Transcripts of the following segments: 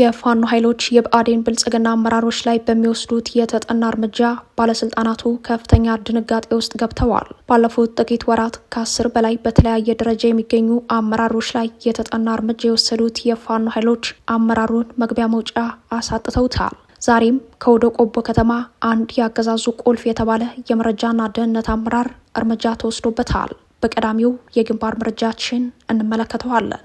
የፋኖ ኃይሎች የብአዴን ብልጽግና አመራሮች ላይ በሚወስዱት የተጠና እርምጃ ባለስልጣናቱ ከፍተኛ ድንጋጤ ውስጥ ገብተዋል። ባለፉት ጥቂት ወራት ከአስር በላይ በተለያየ ደረጃ የሚገኙ አመራሮች ላይ የተጠና እርምጃ የወሰዱት የፋኖ ኃይሎች አመራሩን መግቢያ መውጫ አሳጥተውታል። ዛሬም ከወደ ቆቦ ከተማ አንድ የአገዛዙ ቁልፍ የተባለ የመረጃና ደህንነት አመራር እርምጃ ተወስዶበታል። በቀዳሚው የግንባር መረጃችን እንመለከተዋለን።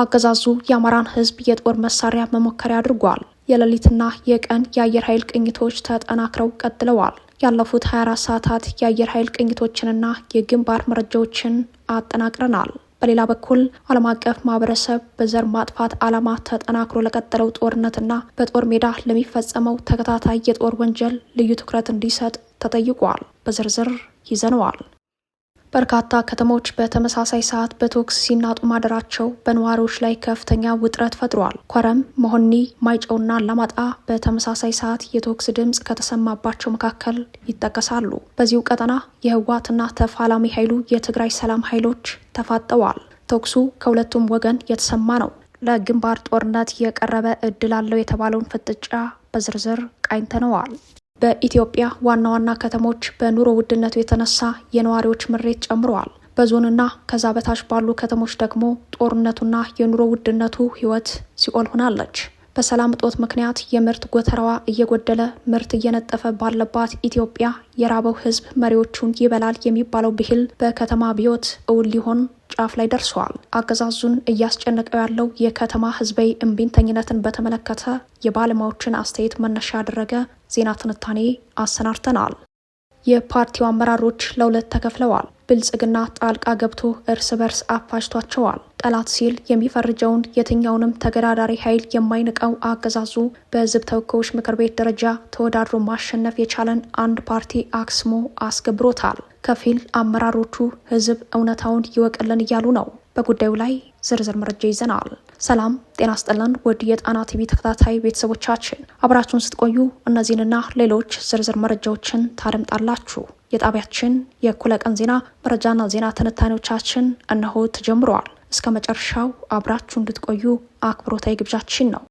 አገዛዙ የአማራን ሕዝብ የጦር መሳሪያ መሞከሪያ አድርጓል። የሌሊትና የቀን የአየር ኃይል ቅኝቶች ተጠናክረው ቀጥለዋል። ያለፉት 24 ሰዓታት የአየር ኃይል ቅኝቶችንና የግንባር መረጃዎችን አጠናቅረናል። በሌላ በኩል ዓለም አቀፍ ማህበረሰብ በዘር ማጥፋት ዓላማ ተጠናክሮ ለቀጠለው ጦርነትና በጦር ሜዳ ለሚፈጸመው ተከታታይ የጦር ወንጀል ልዩ ትኩረት እንዲሰጥ ተጠይቋል። በዝርዝር ይዘነዋል። በርካታ ከተሞች በተመሳሳይ ሰዓት በቶክስ ሲናጡ ማደራቸው በነዋሪዎች ላይ ከፍተኛ ውጥረት ፈጥሯል። ኮረም፣ መሆኒ፣ ማይጨውና አላማጣ በተመሳሳይ ሰዓት የቶክስ ድምፅ ከተሰማባቸው መካከል ይጠቀሳሉ። በዚሁ ቀጠና የህወሓትና ተፋላሚ ኃይሉ የትግራይ ሰላም ኃይሎች ተፋጠዋል። ተኩሱ ከሁለቱም ወገን የተሰማ ነው። ለግንባር ጦርነት የቀረበ እድል አለው የተባለውን ፍጥጫ በዝርዝር ቃኝተነዋል። በኢትዮጵያ ዋና ዋና ከተሞች በኑሮ ውድነቱ የተነሳ የነዋሪዎች ምሬት ጨምረዋል። በዞንና ከዛ በታች ባሉ ከተሞች ደግሞ ጦርነቱና የኑሮ ውድነቱ ሕይወት ሲኦል ሆናለች። በሰላም እጦት ምክንያት የምርት ጎተራዋ እየጎደለ ምርት እየነጠፈ ባለባት ኢትዮጵያ የራበው ህዝብ መሪዎቹን ይበላል የሚባለው ብሂል በከተማ ብዮት እውን ሊሆን ጫፍ ላይ ደርሰዋል። አገዛዙን እያስጨነቀው ያለው የከተማ ህዝባዊ እምቢተኝነትን በተመለከተ የባለሙያዎችን አስተያየት መነሻ ያደረገ ዜና ትንታኔ አሰናድተናል። የፓርቲው አመራሮች ለሁለት ተከፍለዋል። ብልጽግና ጣልቃ ገብቶ እርስ በርስ አፋጅቷቸዋል። ጠላት ሲል የሚፈርጀውን የትኛውንም ተገዳዳሪ ኃይል የማይንቀው አገዛዙ በህዝብ ተወካዮች ምክር ቤት ደረጃ ተወዳድሮ ማሸነፍ የቻለን አንድ ፓርቲ አክስሞ አስገብሮታል። ከፊል አመራሮቹ ህዝብ እውነታውን ይወቅልን እያሉ ነው። በጉዳዩ ላይ ዝርዝር መረጃ ይዘናል። ሰላም ጤና ስጥልን ውድ የጣና ቲቪ ተከታታይ ቤተሰቦቻችን አብራችሁን ስትቆዩ እነዚህንና ሌሎች ዝርዝር መረጃዎችን ታደምጣላችሁ። የጣቢያችን የእኩለ ቀን ዜና መረጃና ዜና ትንታኔዎቻችን እነሆ ተጀምረዋል። እስከ መጨረሻው አብራችሁ እንድትቆዩ አክብሮታዊ ግብዣችን ነው።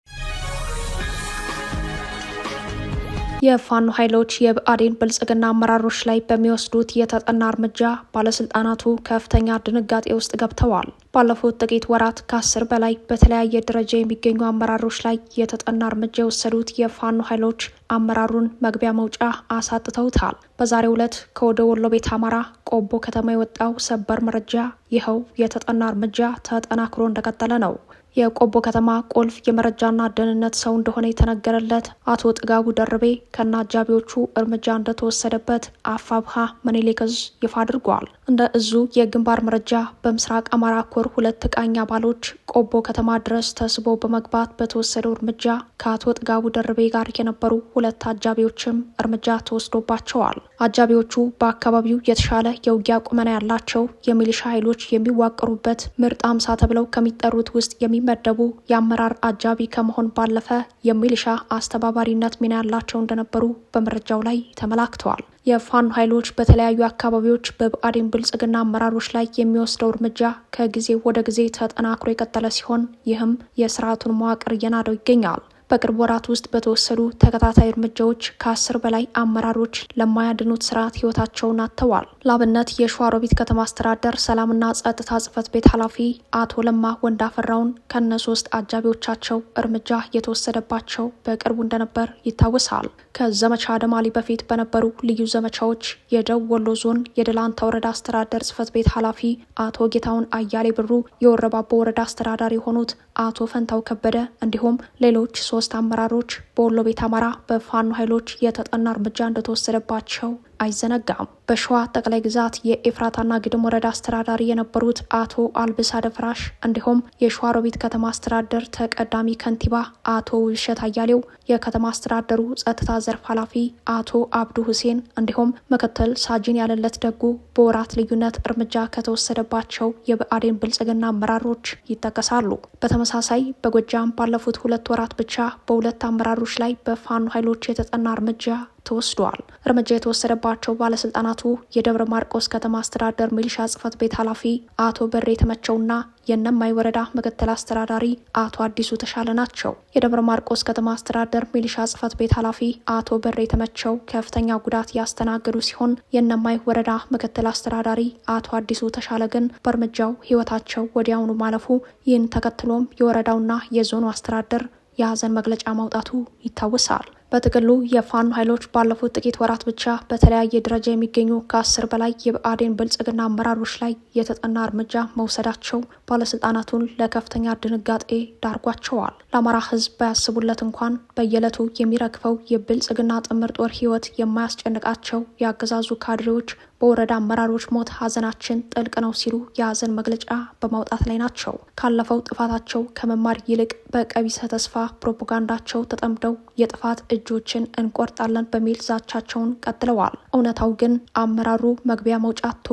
የፋኖ ኃይሎች የብአዴን ብልጽግና አመራሮች ላይ በሚወስዱት የተጠና እርምጃ ባለስልጣናቱ ከፍተኛ ድንጋጤ ውስጥ ገብተዋል። ባለፉት ጥቂት ወራት ከአስር በላይ በተለያየ ደረጃ የሚገኙ አመራሮች ላይ የተጠና እርምጃ የወሰዱት የፋኖ ኃይሎች አመራሩን መግቢያ መውጫ አሳጥተውታል። በዛሬው ዕለት ከወደ ወሎ ቤት አማራ ቆቦ ከተማ የወጣው ሰበር መረጃ ይኸው የተጠና እርምጃ ተጠናክሮ እንደቀጠለ ነው። የቆቦ ከተማ ቁልፍ የመረጃና ደህንነት ሰው እንደሆነ የተነገረለት አቶ ጥጋቡ ደርቤ ከነ አጃቢዎቹ እርምጃ እንደተወሰደበት አፋብሃ ምኒልክ ዕዝ ይፋ አድርጓል። እንደ እዙ የግንባር መረጃ በምስራቅ አማራ ኮር ሁለት ቃኝ አባሎች ቆቦ ከተማ ድረስ ተስቦ በመግባት በተወሰደው እርምጃ ከአቶ ጥጋቡ ደርቤ ጋር የነበሩ ሁለት አጃቢዎችም እርምጃ ተወስዶባቸዋል። አጃቢዎቹ በአካባቢው የተሻለ የውጊያ ቁመና ያላቸው የሚሊሻ ኃይሎች የሚዋቀሩበት ምርጥ አምሳ ተብለው ከሚጠሩት ውስጥ የሚመደቡ የአመራር አጃቢ ከመሆን ባለፈ የሚሊሻ አስተባባሪነት ሚና ያላቸው እንደነበሩ በመረጃው ላይ ተመላክተዋል። የፋኖ ኃይሎች በተለያዩ አካባቢዎች በብአዴን ብልጽግና አመራሮች ላይ የሚወስደው እርምጃ ከጊዜ ወደ ጊዜ ተጠናክሮ የቀጠለ ሲሆን ይህም የስርዓቱን መዋቅር እየናደው ይገኛል። በቅርብ ወራት ውስጥ በተወሰዱ ተከታታይ እርምጃዎች ከአስር በላይ አመራሮች ለማያድኑት ስርዓት ህይወታቸውን አጥተዋል። ለአብነት የሸዋሮቢት ከተማ አስተዳደር ሰላምና ጸጥታ ጽህፈት ቤት ኃላፊ አቶ ለማ ወንዳፈራውን ከነ ሶስት አጃቢዎቻቸው እርምጃ የተወሰደባቸው በቅርቡ እንደነበር ይታወሳል። ከዘመቻ ደማሊ በፊት በነበሩ ልዩ ዘመቻዎች የደቡብ ወሎ ዞን የደላንታ ወረዳ አስተዳደር ጽህፈት ቤት ኃላፊ አቶ ጌታውን አያሌ ብሩ፣ የወረባቦ ወረዳ አስተዳዳሪ የሆኑት አቶ ፈንታው ከበደ እንዲሁም ሌሎች ሶስት አመራሮች በወሎ ቤት አማራ በፋኖ ኃይሎች የተጠና እርምጃ እንደተወሰደባቸው አይዘነጋም። በሸዋ ጠቅላይ ግዛት የኤፍራታና ግድም ወረዳ አስተዳዳሪ የነበሩት አቶ አልብሳ ደፍራሽ እንዲሁም የሸዋ ሮቢት ከተማ አስተዳደር ተቀዳሚ ከንቲባ አቶ ውብሸት አያሌው፣ የከተማ አስተዳደሩ ጸጥታ ዘርፍ ኃላፊ አቶ አብዱ ሁሴን እንዲሁም ምክትል ሳጅን ያለለት ደጉ በወራት ልዩነት እርምጃ ከተወሰደባቸው የብአዴን ብልጽግና አመራሮች ይጠቀሳሉ። በተመሳሳይ በጎጃም ባለፉት ሁለት ወራት ብቻ በሁለት አመራሮች ላይ በፋኖ ኃይሎች የተጠና እርምጃ ተወስዷል። እርምጃ የተወሰደባቸው ባለስልጣናቱ የደብረ ማርቆስ ከተማ አስተዳደር ሚሊሻ ጽህፈት ቤት ኃላፊ አቶ በሬ የተመቸውና የእነማይ ወረዳ ምክትል አስተዳዳሪ አቶ አዲሱ ተሻለ ናቸው። የደብረ ማርቆስ ከተማ አስተዳደር ሚሊሻ ጽህፈት ቤት ኃላፊ አቶ በሬ የተመቸው ከፍተኛ ጉዳት ያስተናገዱ ሲሆን የእነማይ ወረዳ ምክትል አስተዳዳሪ አቶ አዲሱ ተሻለ ግን በእርምጃው ህይወታቸው ወዲያውኑ ማለፉ፣ ይህን ተከትሎም የወረዳውና የዞኑ አስተዳደር የሀዘን መግለጫ ማውጣቱ ይታወሳል። በጥቅሉ የፋኖ ኃይሎች ባለፉት ጥቂት ወራት ብቻ በተለያየ ደረጃ የሚገኙ ከአስር በላይ የብአዴን ብልጽግና አመራሮች ላይ የተጠና እርምጃ መውሰዳቸው ባለስልጣናቱን ለከፍተኛ ድንጋጤ ዳርጓቸዋል። ለአማራ ሕዝብ ባያስቡለት እንኳን በየዕለቱ የሚረግፈው የብልጽግና ጥምር ጦር ሕይወት የማያስጨንቃቸው የአገዛዙ ካድሬዎች በወረዳ አመራሮች ሞት ሀዘናችን ጥልቅ ነው ሲሉ የሀዘን መግለጫ በማውጣት ላይ ናቸው። ካለፈው ጥፋታቸው ከመማር ይልቅ በቀቢሰ ተስፋ ፕሮፓጋንዳቸው ተጠምደው የጥፋት እጆችን እንቆርጣለን በሚል ዛቻቸውን ቀጥለዋል። እውነታው ግን አመራሩ መግቢያ መውጫቶ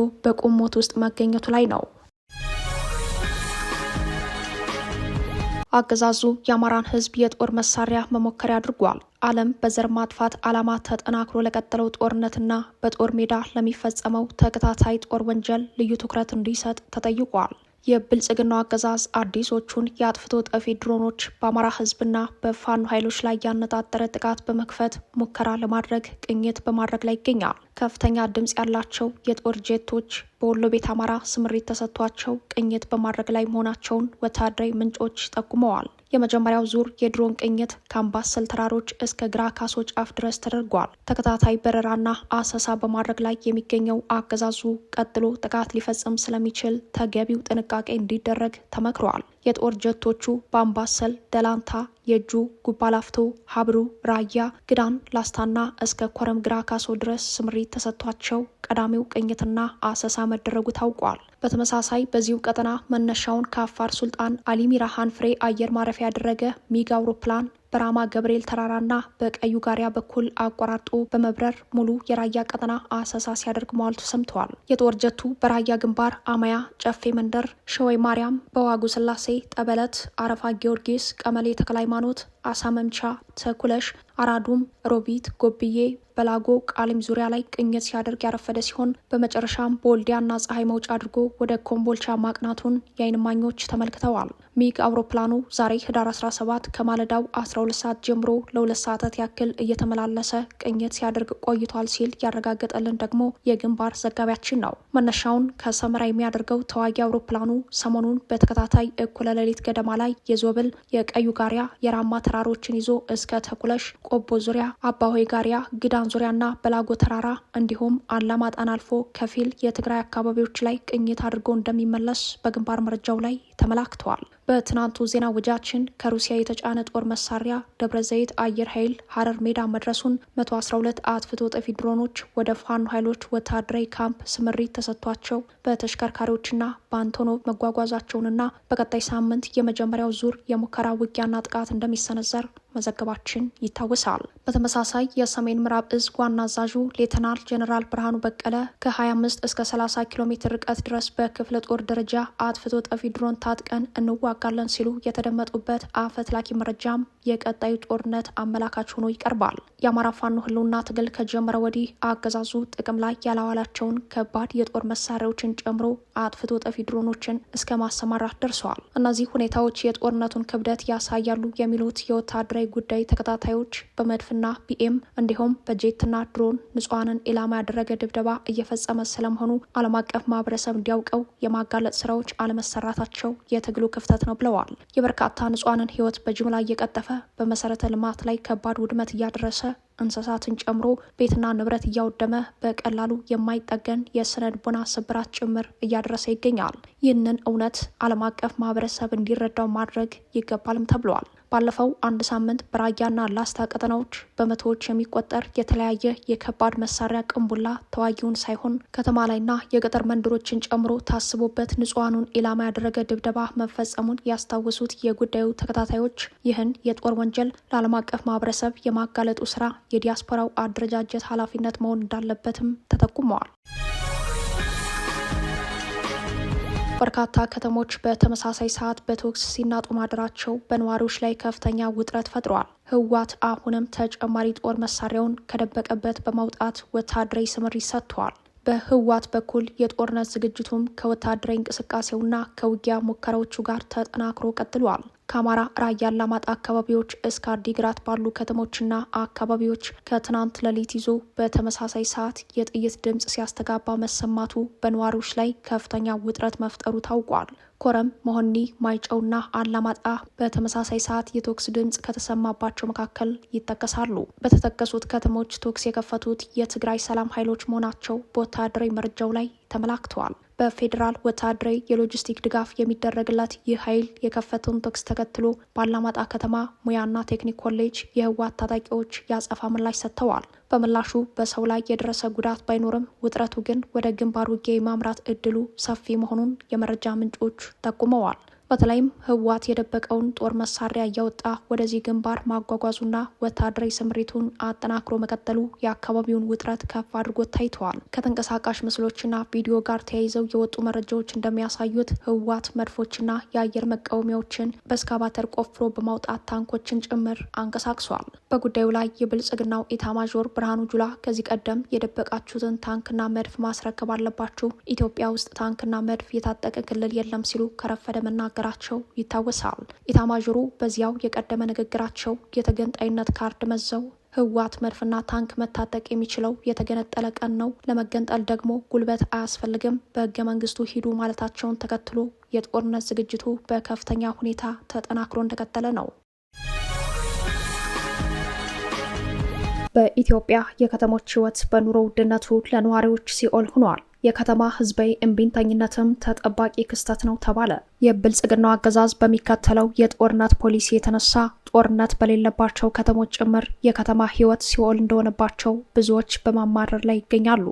ሞት ውስጥ መገኘቱ ላይ ነው። አገዛዙ የአማራን ህዝብ የጦር መሳሪያ መሞከሪያ አድርጓል። ዓለም በዘር ማጥፋት ዓላማ ተጠናክሮ ለቀጠለው ጦርነትና በጦር ሜዳ ለሚፈጸመው ተከታታይ ጦር ወንጀል ልዩ ትኩረት እንዲሰጥ ተጠይቋል። የብልጽግናው አገዛዝ አዲሶቹን የአጥፍቶ ጠፊ ድሮኖች በአማራ ህዝብና በፋኖ ኃይሎች ላይ ያነጣጠረ ጥቃት በመክፈት ሙከራ ለማድረግ ቅኝት በማድረግ ላይ ይገኛል። ከፍተኛ ድምፅ ያላቸው የጦር ጄቶች በወሎ ቤት አማራ ስምሪት ተሰጥቷቸው ቅኝት በማድረግ ላይ መሆናቸውን ወታደራዊ ምንጮች ጠቁመዋል። የመጀመሪያው ዙር የድሮን ቅኝት ከአምባሰል ተራሮች እስከ ግራ ካሶች አፍ ድረስ ተደርጓል። ተከታታይ በረራና አሰሳ በማድረግ ላይ የሚገኘው አገዛዙ ቀጥሎ ጥቃት ሊፈጽም ስለሚችል ተገቢው ጥንቃቄ እንዲደረግ ተመክሯል። የጦር ጀቶቹ በአምባሰል፣ ደላንታ፣ የእጁ፣ ጉባላፍቶ፣ ሀብሩ፣ ራያ፣ ግዳን፣ ላስታና እስከ ኮረም ግራ ካሶ ድረስ ስምሪት ተሰጥቷቸው ቀዳሚው ቅኝትና አሰሳ መደረጉ ታውቋል። በተመሳሳይ በዚሁ ቀጠና መነሻውን ከአፋር ሱልጣን አሊ ፍሬ አየር ማረፊያ ያደረገ ሚግ አውሮፕላን በራማ ገብርኤል ተራራና በቀዩ ጋሪያ በኩል አቋራርጦ በመብረር ሙሉ የራያ ቀጠና አሰሳ ሲያደርግ መዋልቱ ሰምተዋል። የጦር ጀቱ በራያ ግንባር አማያ፣ ጨፌ መንደር፣ ሸወይ ማርያም፣ በዋጉ ስላሴ፣ ጠበለት፣ አረፋ ጊዮርጊስ፣ ቀመሌ ተክለ ሃይማኖት፣ አሳ መምቻ ተኩለሽ፣ አራዱም፣ ሮቢት፣ ጎብዬ፣ በላጎ ቃሊም ዙሪያ ላይ ቅኝት ሲያደርግ ያረፈደ ሲሆን በመጨረሻም በወልዲያና ፀሐይ መውጫ አድርጎ ወደ ኮምቦልቻ ማቅናቱን የአይንማኞች ተመልክተዋል። ሚግ አውሮፕላኑ ዛሬ ህዳር 17 ከማለዳው 12 ሰዓት ጀምሮ ለሁለት ሰዓታት ያክል እየተመላለሰ ቅኝት ሲያደርግ ቆይቷል ሲል ያረጋገጠልን ደግሞ የግንባር ዘጋቢያችን ነው። መነሻውን ከሰመራ የሚያደርገው ተዋጊ አውሮፕላኑ ሰሞኑን በተከታታይ እኩለ ሌሊት ገደማ ላይ የዞብል የቀዩ ጋሪያ የራማ ተራሮችን ይዞ እስከ ተኩለሽ ቆቦ ዙሪያ አባሆይ ጋሪያ ግዳን ዙሪያና በላጎ ተራራ እንዲሁም አላማጣን አልፎ ከፊል የትግራይ አካባቢዎች ላይ ቅኝት አድርጎ እንደሚመለስ በግንባር መረጃው ላይ ተመላክተዋል። በትናንቱ ዜና ውጃችን ከሩሲያ የተጫነ ጦር መሳሪያ ደብረ ዘይት አየር ኃይል ሀረር ሜዳ መድረሱን፣ 112 አጥፍቶ ጠፊ ድሮኖች ወደ ፋኖ ኃይሎች ወታደራዊ ካምፕ ስምሪት ተሰጥቷቸው በተሽከርካሪዎችና በአንቶኖቭ መጓጓዛቸውንና በቀጣይ ሳምንት የመጀመሪያው ዙር የሙከራ ውጊያና ጥቃት እንደሚሰነዘር መዘገባችን ይታወሳል። በተመሳሳይ የሰሜን ምዕራብ እዝ ዋና አዛዡ ሌተናል ጀኔራል ብርሃኑ በቀለ ከ25 እስከ 30 ኪሎ ሜትር ርቀት ድረስ በክፍለ ጦር ደረጃ አጥፍቶ ጠፊ ድሮን ታጥቀን እንዋጋለን ሲሉ የተደመጡበት አፈትላኪ መረጃም የቀጣዩ ጦርነት አመላካች ሆኖ ይቀርባል። የአማራ ፋኖ ህልውና ትግል ከጀመረ ወዲህ አገዛዙ ጥቅም ላይ ያላዋላቸውን ከባድ የጦር መሳሪያዎችን ጨምሮ አጥፍቶ ጠፊ ድሮኖችን እስከ ማሰማራት ደርሰዋል። እነዚህ ሁኔታዎች የጦርነቱን ክብደት ያሳያሉ የሚሉት የወታደራዊ የሰብአዊ ጉዳይ ተከታታዮች በመድፍና ቢኤም እንዲሁም በጄትና ድሮን ንጹሐንን ኢላማ ያደረገ ድብደባ እየፈጸመ ስለመሆኑ ዓለም አቀፍ ማህበረሰብ እንዲያውቀው የማጋለጥ ስራዎች አለመሰራታቸው የትግሉ ክፍተት ነው ብለዋል። የበርካታ ንጹሐንን ህይወት በጅምላ እየቀጠፈ በመሰረተ ልማት ላይ ከባድ ውድመት እያደረሰ እንስሳትን ጨምሮ ቤትና ንብረት እያወደመ በቀላሉ የማይጠገን የስነ ልቦና ስብራት ጭምር እያደረሰ ይገኛል። ይህንን እውነት ዓለም አቀፍ ማህበረሰብ እንዲረዳው ማድረግ ይገባልም ተብሏል። ባለፈው አንድ ሳምንት በራያና ላስታ ቀጠናዎች በመቶዎች የሚቆጠር የተለያየ የከባድ መሳሪያ ቅንቡላ ተዋጊውን ሳይሆን ከተማ ላይና የገጠር መንደሮችን ጨምሮ ታስቦበት ንጹሐኑን ኢላማ ያደረገ ድብደባ መፈጸሙን ያስታወሱት የጉዳዩ ተከታታዮች ይህን የጦር ወንጀል ለዓለም አቀፍ ማህበረሰብ የማጋለጡ ስራ የዲያስፖራው አደረጃጀት ኃላፊነት መሆን እንዳለበትም ተጠቁመዋል። በርካታ ከተሞች በተመሳሳይ ሰዓት በተኩስ ሲናጡ ማደራቸው በነዋሪዎች ላይ ከፍተኛ ውጥረት ፈጥረዋል። ህወሓት አሁንም ተጨማሪ ጦር መሳሪያውን ከደበቀበት በማውጣት ወታደራዊ ስምሪት ሰጥቷል። በህወሓት በኩል የጦርነት ዝግጅቱም ከወታደራዊ እንቅስቃሴውና ከውጊያ ሙከራዎቹ ጋር ተጠናክሮ ቀጥሏል። ከአማራ ራያ አላማጣ አካባቢዎች እስከ አዲግራት ባሉ ከተሞችና አካባቢዎች ከትናንት ሌሊት ይዞ በተመሳሳይ ሰዓት የጥይት ድምፅ ሲያስተጋባ መሰማቱ በነዋሪዎች ላይ ከፍተኛ ውጥረት መፍጠሩ ታውቋል። ኮረም፣ መሆኒ፣ ማይጨውና አላማጣ በተመሳሳይ ሰዓት የተኩስ ድምፅ ከተሰማባቸው መካከል ይጠቀሳሉ። በተጠቀሱት ከተሞች ተኩስ የከፈቱት የትግራይ ሰላም ኃይሎች መሆናቸው በወታደራዊ መረጃው ላይ ተመላክተዋል። በፌዴራል ወታደራዊ የሎጂስቲክ ድጋፍ የሚደረግለት ይህ ኃይል የከፈተውን ተኩስ ተከትሎ በአላማጣ ከተማ ሙያና ቴክኒክ ኮሌጅ የህወሓት ታጣቂዎች ያጸፋ ምላሽ ሰጥተዋል። በምላሹ በሰው ላይ የደረሰ ጉዳት ባይኖርም ውጥረቱ ግን ወደ ግንባር ውጊያ የማምራት እድሉ ሰፊ መሆኑን የመረጃ ምንጮች ጠቁመዋል። በተለይም ህወሓት የደበቀውን ጦር መሳሪያ እያወጣ ወደዚህ ግንባር ማጓጓዙና ወታደራዊ ስምሪቱን አጠናክሮ መቀጠሉ የአካባቢውን ውጥረት ከፍ አድርጎ ታይተዋል። ከተንቀሳቃሽ ምስሎችና ቪዲዮ ጋር ተያይዘው የወጡ መረጃዎች እንደሚያሳዩት ህወሓት መድፎችና የአየር መቃወሚያዎችን በስካባተር ቆፍሮ በማውጣት ታንኮችን ጭምር አንቀሳቅሷል። በጉዳዩ ላይ የብልጽግናው ኢታማዦር ብርሃኑ ጁላ ከዚህ ቀደም የደበቃችሁትን ታንክና መድፍ ማስረከብ አለባችሁ፣ ኢትዮጵያ ውስጥ ታንክና መድፍ የታጠቀ ክልል የለም ሲሉ ከረፈደ መናገር መናገራቸው ይታወሳል። ኢታማዦሩ በዚያው የቀደመ ንግግራቸው የተገንጣይነት ካርድ መዘው ህወሓት መድፍና ታንክ መታጠቅ የሚችለው የተገነጠለ ቀን ነው፣ ለመገንጠል ደግሞ ጉልበት አያስፈልግም፣ በህገ መንግስቱ ሂዱ ማለታቸውን ተከትሎ የጦርነት ዝግጅቱ በከፍተኛ ሁኔታ ተጠናክሮ እንደቀጠለ ነው። በኢትዮጵያ የከተሞች ህይወት በኑሮ ውድነቱ ለነዋሪዎች ሲኦል ሆኗል። የከተማ ህዝባዊ እምቢንተኝነትም ተጠባቂ ክስተት ነው ተባለ። የብልጽግናው አገዛዝ በሚከተለው የጦርነት ፖሊሲ የተነሳ ጦርነት በሌለባቸው ከተሞች ጭምር የከተማ ህይወት ሲኦል እንደሆነባቸው ብዙዎች በማማረር ላይ ይገኛሉ።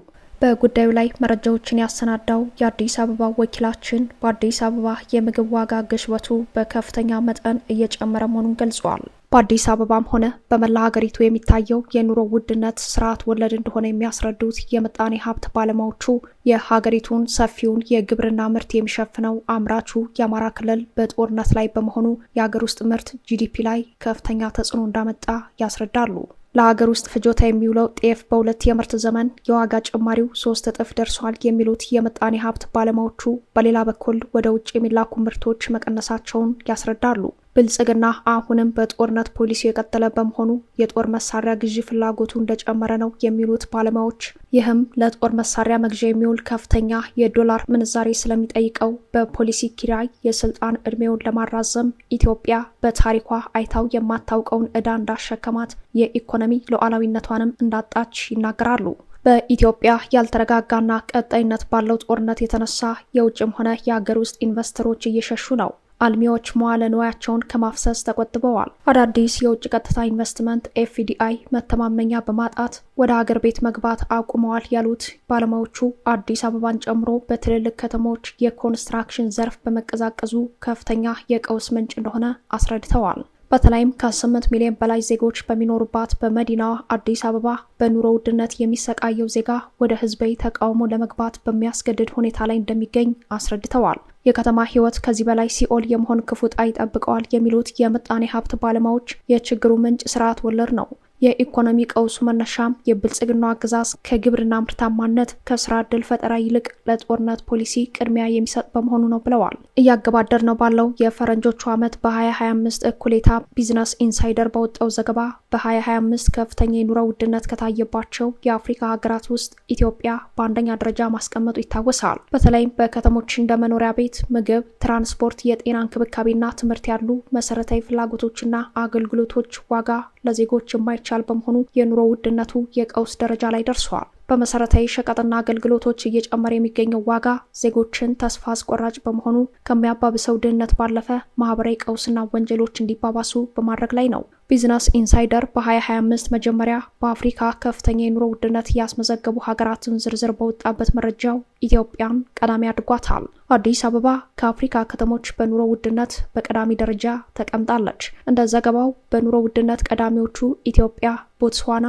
በጉዳዩ ላይ መረጃዎችን ያሰናዳው የአዲስ አበባ ወኪላችን በአዲስ አበባ የምግብ ዋጋ ግሽበቱ በከፍተኛ መጠን እየጨመረ መሆኑን ገልጿል። በአዲስ አበባም ሆነ በመላ ሀገሪቱ የሚታየው የኑሮ ውድነት ስርዓት ወለድ እንደሆነ የሚያስረዱት የምጣኔ ሀብት ባለሙያዎቹ የሀገሪቱን ሰፊውን የግብርና ምርት የሚሸፍነው አምራቹ የአማራ ክልል በጦርነት ላይ በመሆኑ የሀገር ውስጥ ምርት ጂዲፒ ላይ ከፍተኛ ተጽዕኖ እንዳመጣ ያስረዳሉ። ለሀገር ውስጥ ፍጆታ የሚውለው ጤፍ በሁለት የምርት ዘመን የዋጋ ጭማሪው ሶስት እጥፍ ደርሷል የሚሉት የምጣኔ ሀብት ባለሙያዎቹ በሌላ በኩል ወደ ውጭ የሚላኩ ምርቶች መቀነሳቸውን ያስረዳሉ። ብልጽግና አሁንም በጦርነት ፖሊሲ የቀጠለ በመሆኑ የጦር መሳሪያ ግዢ ፍላጎቱ እንደጨመረ ነው የሚሉት ባለሙያዎች። ይህም ለጦር መሳሪያ መግዣ የሚውል ከፍተኛ የዶላር ምንዛሬ ስለሚጠይቀው በፖሊሲ ኪራይ የስልጣን እድሜውን ለማራዘም ኢትዮጵያ በታሪኳ አይታው የማታውቀውን ዕዳ እንዳሸከማት የኢኮኖሚ ሉዓላዊነቷንም እንዳጣች ይናገራሉ። በኢትዮጵያ ያልተረጋጋና ቀጣይነት ባለው ጦርነት የተነሳ የውጭም ሆነ የሀገር ውስጥ ኢንቨስተሮች እየሸሹ ነው። አልሚዎች መዋለ ንዋያቸውን ከማፍሰስ ተቆጥበዋል። አዳዲስ የውጭ ቀጥታ ኢንቨስትመንት ኤፍዲአይ መተማመኛ በማጣት ወደ አገር ቤት መግባት አቁመዋል ያሉት ባለሙያዎቹ አዲስ አበባን ጨምሮ በትልልቅ ከተሞች የኮንስትራክሽን ዘርፍ በመቀዛቀዙ ከፍተኛ የቀውስ ምንጭ እንደሆነ አስረድተዋል። በተለይም ከ8 ሚሊዮን በላይ ዜጎች በሚኖሩባት በመዲናዋ አዲስ አበባ በኑሮ ውድነት የሚሰቃየው ዜጋ ወደ ህዝባዊ ተቃውሞ ለመግባት በሚያስገድድ ሁኔታ ላይ እንደሚገኝ አስረድተዋል። የከተማ ህይወት ከዚህ በላይ ሲኦል የመሆን ክፉ ዕጣ ይጠብቀዋል የሚሉት የምጣኔ ሀብት ባለሙያዎች የችግሩ ምንጭ ስርዓት ወለድ ነው። የኢኮኖሚ ቀውሱ መነሻም የብልጽግናው አገዛዝ ከግብርና ምርታማነት ከስራ ዕድል ፈጠራ ይልቅ ለጦርነት ፖሊሲ ቅድሚያ የሚሰጥ በመሆኑ ነው ብለዋል። እያገባደር ነው ባለው የፈረንጆቹ ዓመት በ2025 እኩሌታ ቢዝነስ ኢንሳይደር በወጣው ዘገባ በ2025 ከፍተኛ የኑሮ ውድነት ከታየባቸው የአፍሪካ ሀገራት ውስጥ ኢትዮጵያ በአንደኛ ደረጃ ማስቀመጡ ይታወሳል። በተለይም በከተሞች እንደ መኖሪያ ቤት፣ ምግብ፣ ትራንስፖርት፣ የጤና እንክብካቤና ትምህርት ያሉ መሰረታዊ ፍላጎቶችና አገልግሎቶች ዋጋ ለዜጎች የማይቻል በመሆኑ የኑሮ ውድነቱ የቀውስ ደረጃ ላይ ደርሷል። በመሰረታዊ ሸቀጥና አገልግሎቶች እየጨመረ የሚገኘው ዋጋ ዜጎችን ተስፋ አስቆራጭ በመሆኑ ከሚያባብሰው ድህነት ባለፈ ማህበራዊ ቀውስና ወንጀሎች እንዲባባሱ በማድረግ ላይ ነው። ቢዝነስ ኢንሳይደር በ2025 መጀመሪያ በአፍሪካ ከፍተኛ የኑሮ ውድነት ያስመዘገቡ ሀገራትን ዝርዝር በወጣበት መረጃው ኢትዮጵያን ቀዳሚ አድርጓታል። አዲስ አበባ ከአፍሪካ ከተሞች በኑሮ ውድነት በቀዳሚ ደረጃ ተቀምጣለች። እንደ ዘገባው በኑሮ ውድነት ቀዳሚዎቹ ኢትዮጵያ፣ ቦትስዋና፣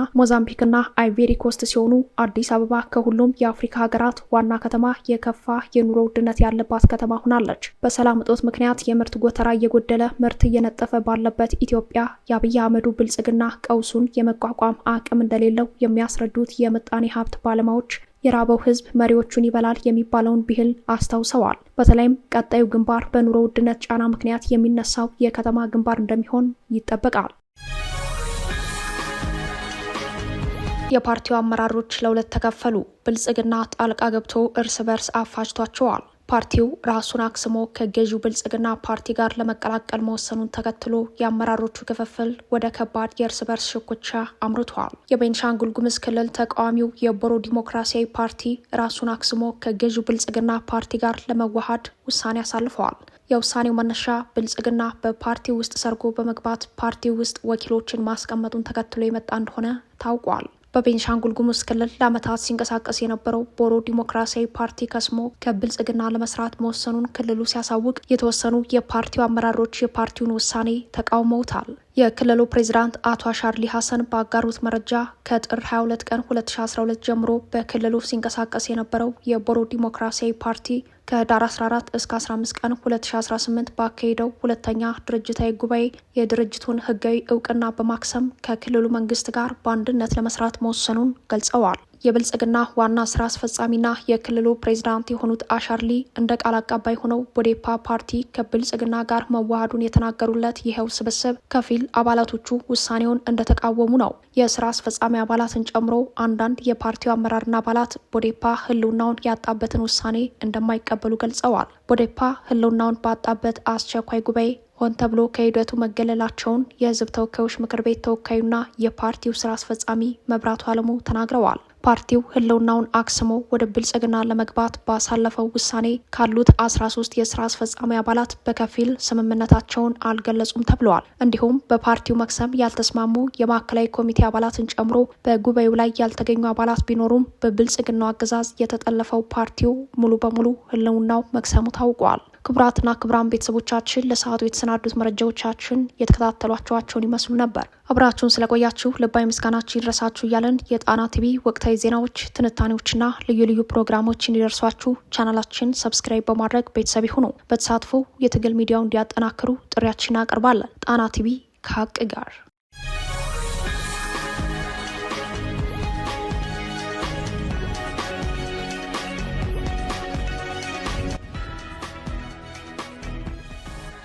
እና አይቬሪ ኮስት ሲሆኑ አዲስ አበባ ከሁሉም የአፍሪካ ሀገራት ዋና ከተማ የከፋ የኑሮ ውድነት ያለባት ከተማ ሆናለች። በሰላም እጦት ምክንያት የምርት ጎተራ እየጎደለ ምርት እየነጠፈ ባለበት ኢትዮጵያ የአብይ አህመዱ ብልጽግና ቀውሱን የመቋቋም አቅም እንደሌለው የሚያስረዱት የምጣኔ ሀብት ባለሙያዎች የራበው ህዝብ መሪዎቹን ይበላል የሚባለውን ብሂል አስታውሰዋል። በተለይም ቀጣዩ ግንባር በኑሮ ውድነት ጫና ምክንያት የሚነሳው የከተማ ግንባር እንደሚሆን ይጠበቃል። የፓርቲው አመራሮች ለሁለት ተከፈሉ። ብልጽግና ጣልቃ ገብቶ እርስ በርስ አፋጅቷቸዋል። ፓርቲው ራሱን አክስሞ ከገዢው ብልጽግና ፓርቲ ጋር ለመቀላቀል መወሰኑን ተከትሎ የአመራሮቹ ክፍፍል ወደ ከባድ የእርስ በርስ ሽኩቻ አምርቷል። የቤንሻንጉል ጉምዝ ክልል ተቃዋሚው የቦሮ ዲሞክራሲያዊ ፓርቲ ራሱን አክስሞ ከገዢው ብልጽግና ፓርቲ ጋር ለመዋሃድ ውሳኔ አሳልፈዋል። የውሳኔው መነሻ ብልጽግና በፓርቲ ውስጥ ሰርጎ በመግባት ፓርቲ ውስጥ ወኪሎችን ማስቀመጡን ተከትሎ የመጣ እንደሆነ ታውቋል። በቤንሻንጉል ጉሙዝ ክልል ለዓመታት ሲንቀሳቀስ የነበረው ቦሮ ዲሞክራሲያዊ ፓርቲ ከስሞ ከብልጽግና ለመስራት መወሰኑን ክልሉ ሲያሳውቅ የተወሰኑ የፓርቲው አመራሮች የፓርቲውን ውሳኔ ተቃውመውታል። የክልሉ ፕሬዚዳንት አቶ አሻርሊ ሀሰን ባጋሩት መረጃ ከጥር 22 ቀን 2012 ጀምሮ በክልሉ ሲንቀሳቀስ የነበረው የቦሮ ዲሞክራሲያዊ ፓርቲ ከህዳር 14 እስከ 15 ቀን 2018 ባካሄደው ሁለተኛ ድርጅታዊ ጉባኤ የድርጅቱን ህጋዊ እውቅና በማክሰም ከክልሉ መንግስት ጋር በአንድነት ለመስራት መወሰኑን ገልጸዋል። የብልጽግና ዋና ስራ አስፈጻሚና የክልሉ ፕሬዚዳንት የሆኑት አሻርሊ እንደ ቃል አቀባይ ሆነው ቦዴፓ ፓርቲ ከብልጽግና ጋር መዋሃዱን የተናገሩለት ይኸው ስብስብ ከፊል አባላቶቹ ውሳኔውን እንደተቃወሙ ነው። የስራ አስፈጻሚ አባላትን ጨምሮ አንዳንድ የፓርቲው አመራርና አባላት ቦዴፓ ህልውናውን ያጣበትን ውሳኔ እንደማይቀበሉ ገልጸዋል። ቦዴፓ ህልውናውን ባጣበት አስቸኳይ ጉባኤ ሆን ተብሎ ከሂደቱ መገለላቸውን የህዝብ ተወካዮች ምክር ቤት ተወካዩና የፓርቲው ስራ አስፈጻሚ መብራቱ አለሙ ተናግረዋል። ፓርቲው ህልውናውን አክስሞ ወደ ብልጽግና ለመግባት ባሳለፈው ውሳኔ ካሉት አስራ ሶስት የስራ አስፈጻሚ አባላት በከፊል ስምምነታቸውን አልገለጹም ተብለዋል። እንዲሁም በፓርቲው መክሰም ያልተስማሙ የማዕከላዊ ኮሚቴ አባላትን ጨምሮ በጉባኤው ላይ ያልተገኙ አባላት ቢኖሩም በብልጽግናው አገዛዝ የተጠለፈው ፓርቲው ሙሉ በሙሉ ህልውናው መክሰሙ ታውቋል። ክቡራትና ክቡራን ቤተሰቦቻችን ለሰዓቱ የተሰናዱት መረጃዎቻችን የተከታተሏቸኋቸውን ይመስሉ ነበር። አብራችሁን ስለቆያችሁ ልባዊ ምስጋናችን ይድረሳችሁ እያለን የጣና ቲቪ ወቅታዊ ዜናዎች፣ ትንታኔዎችና ልዩ ልዩ ፕሮግራሞች እንዲደርሷችሁ ቻናላችን ሰብስክራይብ በማድረግ ቤተሰብ ይሁኑ። በተሳትፎ የትግል ሚዲያውን እንዲያጠናክሩ ጥሪያችን እናቀርባለን። ጣና ቲቪ ከሀቅ ጋር